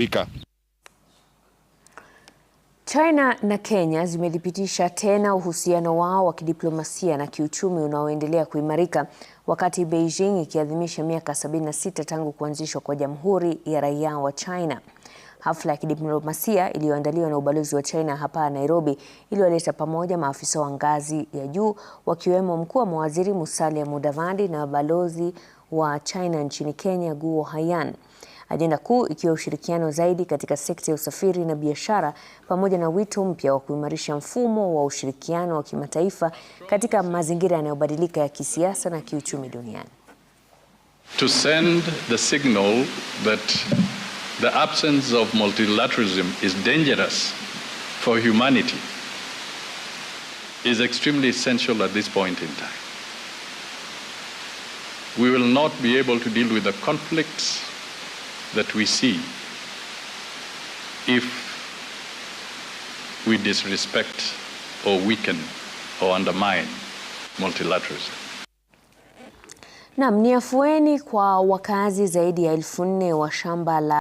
Afrika. China na Kenya zimethibitisha tena uhusiano wao wa kidiplomasia na kiuchumi unaoendelea kuimarika wakati Beijing ikiadhimisha miaka 76 tangu kuanzishwa kwa Jamhuri ya Raia wa China. Hafla ya kidiplomasia iliyoandaliwa na ubalozi wa China hapa Nairobi iliyoleta pamoja maafisa wa ngazi ya juu wakiwemo mkuu wa mawaziri Musalia Mudavadi na balozi wa China nchini Kenya Guo Haiyan ajenda kuu ikiwa ushirikiano zaidi katika sekta ya usafiri na biashara, pamoja na wito mpya wa kuimarisha mfumo wa ushirikiano wa kimataifa katika mazingira yanayobadilika ya kisiasa na kiuchumi duniani. To send the signal that the absence of multilateralism is dangerous for humanity is extremely essential at this point in time. We will not be able to deal with the conflicts that we see if we disrespect or weaken or undermine multilateralism. Naam, ni afueni kwa wakazi zaidi ya elfu nne wa shamba la